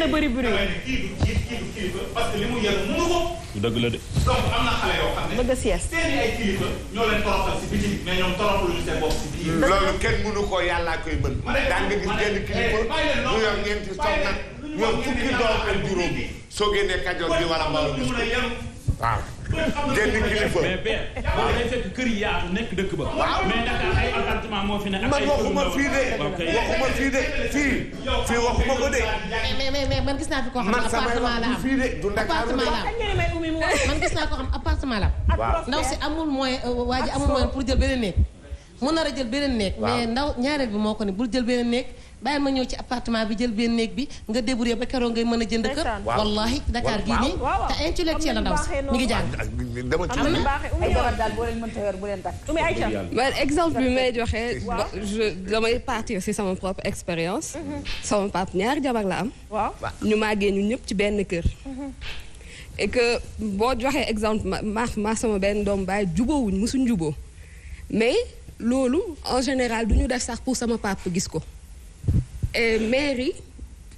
gën a bëri bruit. kii du la de. donc am na xale yoo xam mm. loolu kenn mënu ko yàllaa koy mën. ma ne daan nga gis kenn kilifa eh, mu yor ñeenti soxna ñoom fukki doom ak juróom soo génnee kajoor bi wala mbalu waaw. génn kilifa mais bien. waaw day fekk dëkk ba. waaw mais Dakar ay appartement moo fi ne. ak ay waxuma fii de. waxuma fii de fii. fii waxuma ko de. man gis naa fi koo xam ne appartement ndaw si amul moyen euh, waa amul moyen pour jël beneen mu nar a jël beneen néeg. mais ndaw ñaareel bi moo ko ne bul jël beneen néeg. bàyyi ma ñëw ci appartement bi jël benn néeg bi nga débrouillé ba keroog ngay mën a jënd kër. wallahi Dakar gii nii te intellectuel la ndaw si ñu ngi jàng. dama ci am ay jabar daal boo leen mënta yor bu leen takk. man exemple bi may joxe. je damay partir si sama propre expérience. Mm-hmm. sama pap ñaari jabar la am. waaw ñu màggee ñu ñëpp ci benn kër. Mm-hmm. et que boo joxee exemple ma ma sama benn doom baay jubóowuñ mosuñ jubóo mais loolu en général du ñu def sax pour sama pap gis ko. Eh, maire yi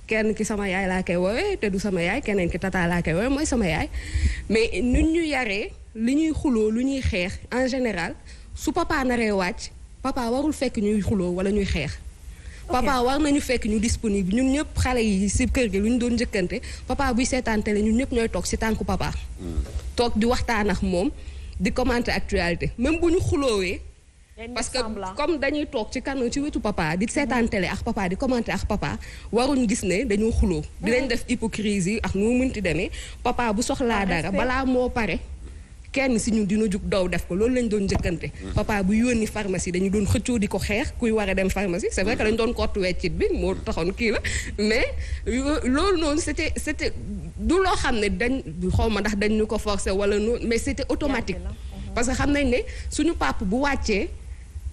kenn ki sama yaay laa koy woowee te du sama yaay keneen ki tata laa koy woowee mooy sama yaay mais nun ñu yaree li ñuy xuloo lu ñuy xeex en général su papa naree wàcc papa warul fekk ñuy xuloo wala ñuy xeex papa war nañu fekk ñu disponible ñun ñëpp xale yi si kër gi lu ñu doon njëkkante papa buy seetaan télé ñun ñëpp ñooy toog si tànku papa hmm. toog di waxtaan ak moom di commenter actualité même bu ñu xuloowee parce que comme dañuy toog ci kanu ci wetu papa di seetaan télé ak papa di commenter ak papa waruñ gis ne dañoo xuloo mm. dinañ def hypocrisie ak nu mënti demee papa bu soxlaa dara balaa moo pare kenn si ñun dina jug daw def ko loolu lañ doon njëkkante mm. papa bu yónni pharmacie dañu doon xëccoo di ko xeex kuy war dem pharmacie c'est vrai que dañu doon kottu weccit bi moo taxoon kii la mais loolu noonu c'était c'était du loo xam ne dañ xaw ma ndax dañ ñu ko forcer wala noonu mais c'était automatique parce que xam nañ ne suñu papa bu wàccee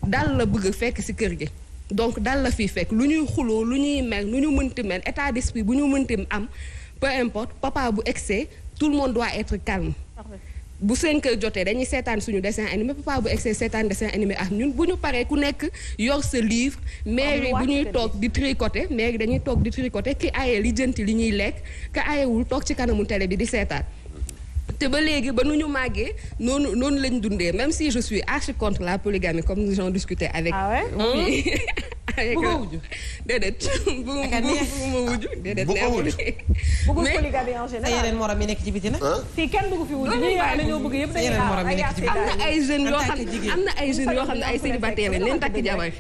dal la bëgg fekk ci kër gi donc dal la fiy fekk lu ñuy xuloo lu ñuy mel lu ñu mënti mel état d'esprit bu ñu mënti am peu importe papa bu excès tout le monde doit être calme bu 5 heures jotee dañuy seetaan suñu dessin animé papa bu excès seetaan dessin animé ak ñun bu ñu paree ku nekk yor sa livre mairie bu ñuy toog di tricoter mairie dañuy toog di tricoter ki aye li jënti li ñuy lekk ka ayewul toog ci kanamu télé bi di seetaan te ba léegi ba nu ñu màggee noonu noonu lañ dundee même si je suis archi contre la polygamie comme nous en discuté avec. ah ouais bu ko wujju déedéet bu ma wujju déedéet bëggul yeneen morom yi nekk ci biti nag kenn bëgg fi wujju ñi nga xam ne ci biti am na ay jeunes yoo xam am na ay jeunes yoo xam ne ay célibataire lañ leen takk jabar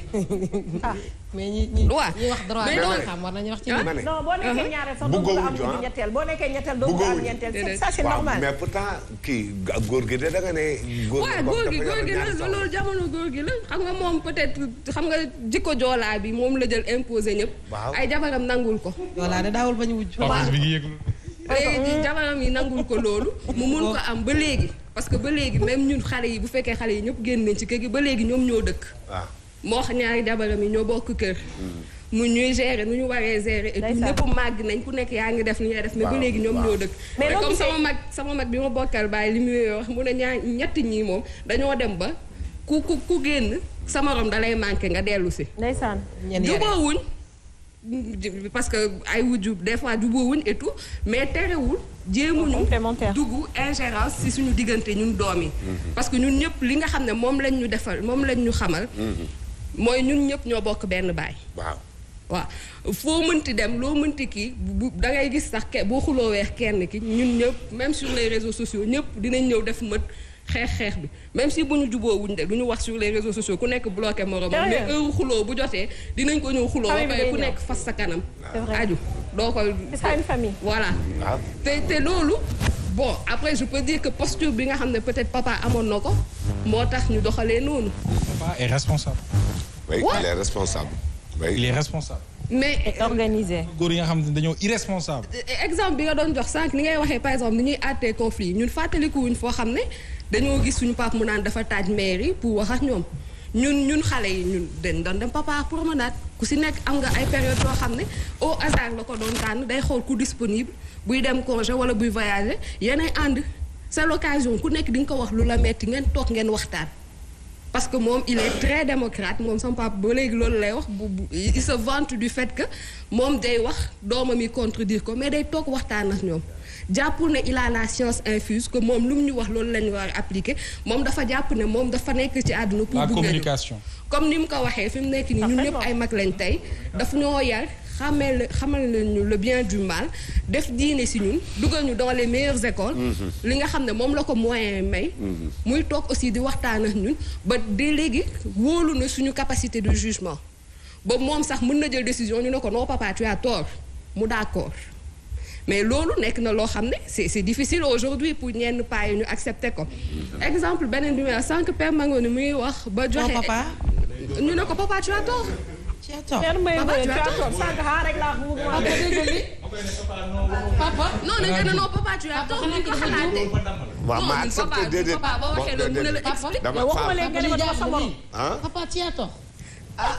ah. mais ñi ñi wax droit xam war nañu wax ci ah. uh-huh. am ci ñetteel boo nekkee ñetteel doo am ñetteel ça c'est normal mais pourtant kii góor gi da nga ne góor gi góor loolu jamono góor gi la xam nga moom peut-être xam nga jikko joolaa bi moom la jël imposé ñëpp ay jabaram nangul ko joolaa de daawul bañu wujj bi ngi yëgul léegi jabaram yi nangul ko loolu mu mun am ba léegi parce que ba léegi même ñun xale yi bu fekkee xale yi ñëpp génn nañ ci kër gi ba léegi ñoom ñoo dëkk moo xam ñaari jabaram yi ñoo bokk kër. Mm-hmm. mu ñuy gérer nu ñu waree gérer. et puis màgg nañ ku nekk yaa ngi def ni ñuy def. mais ba léegi ñoom ñoo dëkk. sama mag sama mag bi ma bokkal bàyyi li muy wax mu ne ñaar ñett ñii moom dañoo dem ba ku ku ku génn sama morom dalay manqué nga dellu si. ndeysaan jubóowuñ parce que ay wujju des fois jubóowuñ et tout mais terewul. jéemuñu dugg ingérence si suñu diggante ñun doom yi. Mm-hmm. parce que ñun ñëpp li nga xam ne moom lañ ñu defal moom lañ ñu xamal. Mm-hmm. mooy ñun ñëpp ñoo bokk benn baay. waaw waaw foo mënti dem loo mënti kii bu da ngay gis sax ke boo xuloo xulooweex kenn ki ñun ñëpp même sur les réseaux sociaux ñëpp dinañ ñëw def mët. xeex xeex bi même si bu ñu juboo wuñ de du ñu wax sur les réseaux sociaux ku nekk bloqué moromam mais heure xuloo bu jotee dinañ ko ñëw xuloo ba pare ku nekk fas sa kanam aju doo ko voilà ah. te te loolu bon après je peux dire que posture bi nga xam ne peut-être papa amoon na ko moo tax ñu doxalee noonu oui il est responsable. oui il mais responsable. mais euh, organisé. góor yi nga xam ne dañoo irresponsable. Euh, euh, exemple bi nga doon jox sànq ni ngay waxee par exemple ni ñuy àttee conflit ñun fàttaliku wuñ foo xam ne dañoo gis suñu paap mu naan dafa taaj maire yi pour wax ak ñoom ñun ñun xale yi ñun dañ doon dem papa promenade ku si nekk am nga ay période yoo xam ne au hasard la ko doon tànn day xool ku disponible buy dem congé wala buy voyager yéenay ànd c'est l'occasion ku nekk di nga ko wax lu la metti ngeen toog ngeen waxtaan. parce que moom il est très démocrate moom sama ba léegi loolu lay wax bu bu il se vante du fait que moom day wax doomam yi contredire ko mais day toog waxtaan ak ñoom jàppul ne il a la science infuse que moom lu mu ñu wax loolu la ñu war a moom dafa jàpp ne moom dafa nekk ci àdduna. pour la communication comme ni mu ko waxee fi mu nekk nii ñun ñëpp ay mag lañ tey daf ñoo yar. xamel xamal nañu le bien du mal def diine si ñun dugal ñu dans les meilleures écoles mm-hmm. li nga xam ne moom la ko moyen may mm-hmm. muy toog aussi di waxtaan ak ñun ba dès léegi wóolu na suñu capacité de jugement ba moom sax mun na jël décision ñu ne ko noo papa tu as tort mu d'accord mais loolu nekk na loo xam ne c'est c'est difficile aujourd'hui pour ñenn paa yi ñu accepter ko mm-hmm. exemple beneen bi ma sànq père Mangoni muy wax ba joxe ñu ne ko papa tu as Père Mbaye Mbaye Thiator sànq xaar rek laa ko bëgg papa dégg li papa non nga ne non papa tu as tort ni ko xalaatee waaw ma accepté déedéet papa boo waxee loolu mu ne la papa waxuma leen nga ne ma dama sa morom papa Thiator ah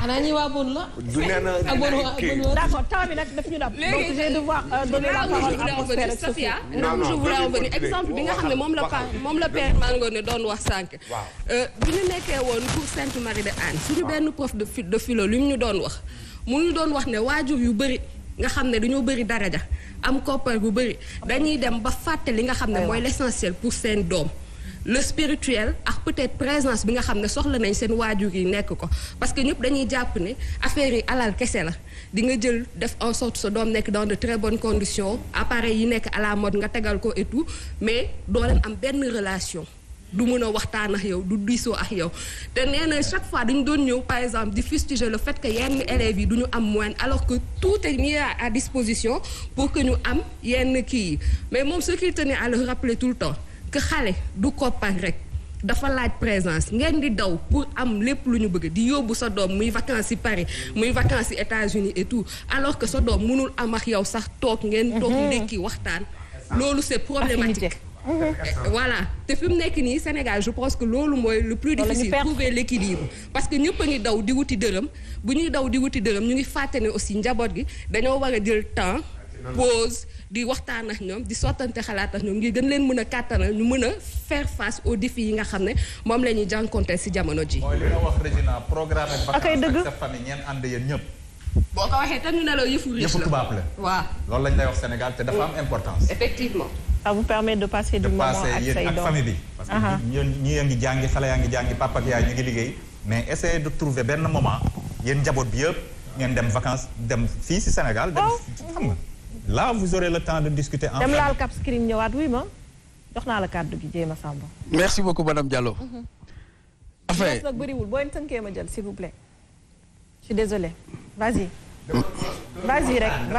xanaa ñi waa bon la. du nee na d'accord ñu dab. léegi donc je euh, la parole à bi nga xam ne moom la pa moom la père Mangone doon wax sànq. Euh, bi ñu nekkee woon pour Sainte Marie de Anne. suñu benn prof de de philo li mu ñu doon wax. mu ñu doon wax ne waajur yu bëri nga xam ne dañoo bëri daraja am koppar bu bëri dañuy dem ba fàtte li nga xam ne mooy l'essentiel pour seen doom. le spirituel ak peut-être présence bi nga xam ne soxla nañ seen waajur yi nekk ko parce que ñëpp dañuy jàpp ne affaire yi alal kese la di nga jël def en sorte sa doom nekk dans de très bonnes conditions appareil yi nekk à la mode nga tegal ko et mais doo leen am benn relation du mën a waxtaan ak yow du diisoo ak yow te nee na chaque fois dañu doon ñëw par exemple di fustiger le fait que yenn élèves yi du ñu am moyen alors que tout est mis à disposition pour que ñu am yenn kii yi mais moom ce qu'il tenait à le rappeler le temps que xale du koppar rek dafa laaj présence ngeen di daw pour am lépp lu ñu bëgg di yóbbu sa doom muy vacances yi Paris muy vacances yi États-Unis et tout alors que sa doom mënul amax ak yow sax toog ngeen toog mhm. ndekki waxtaan loolu c'est problématique mhm. voilà te fi mu nekk nii Sénégal je pense que loolu mooy le plus difficile trouver l'équilibre parce que ñëpp a ngi daw di wuti dërëm bu ñuy daw di wuti dërëm ñu ngi fàtte aussi njaboot gi dañoo war a jël temps pause di waxtaan ak ñoom di sottante xalaat ak ñoom ngir gën leen mën a kàttanal ñu mën a faire face aux défis yi nga xam ne moom la ñuy jànkonteel ci jamono ji. mooy li nga wax Régina programme ak famille ñeent ànd yéen ñëpp. boo ko waxee tam ñu la lay wax Sénégal te dafa am importance. effectivement. ça vous permet ak say bi. parce que ñi ñi ngi jàngi xale yaa ngi jàngi papa ak yaay ñu ngi liggéey. mais essayez de trouver benn moment yéen njaboot bi yëpp ngeen dem vacances dem fii ci Sénégal dem xam nga là vous aurez le temps de discuter. en dem laal cap screen ñëwaat oui ma jox naa la kàddu gi jéem a Samba. merci beaucoup madame Diallo. affaire mhm. yi nag bëriwul boo tënkee ma jël si vous plaît. je suis mm. rek.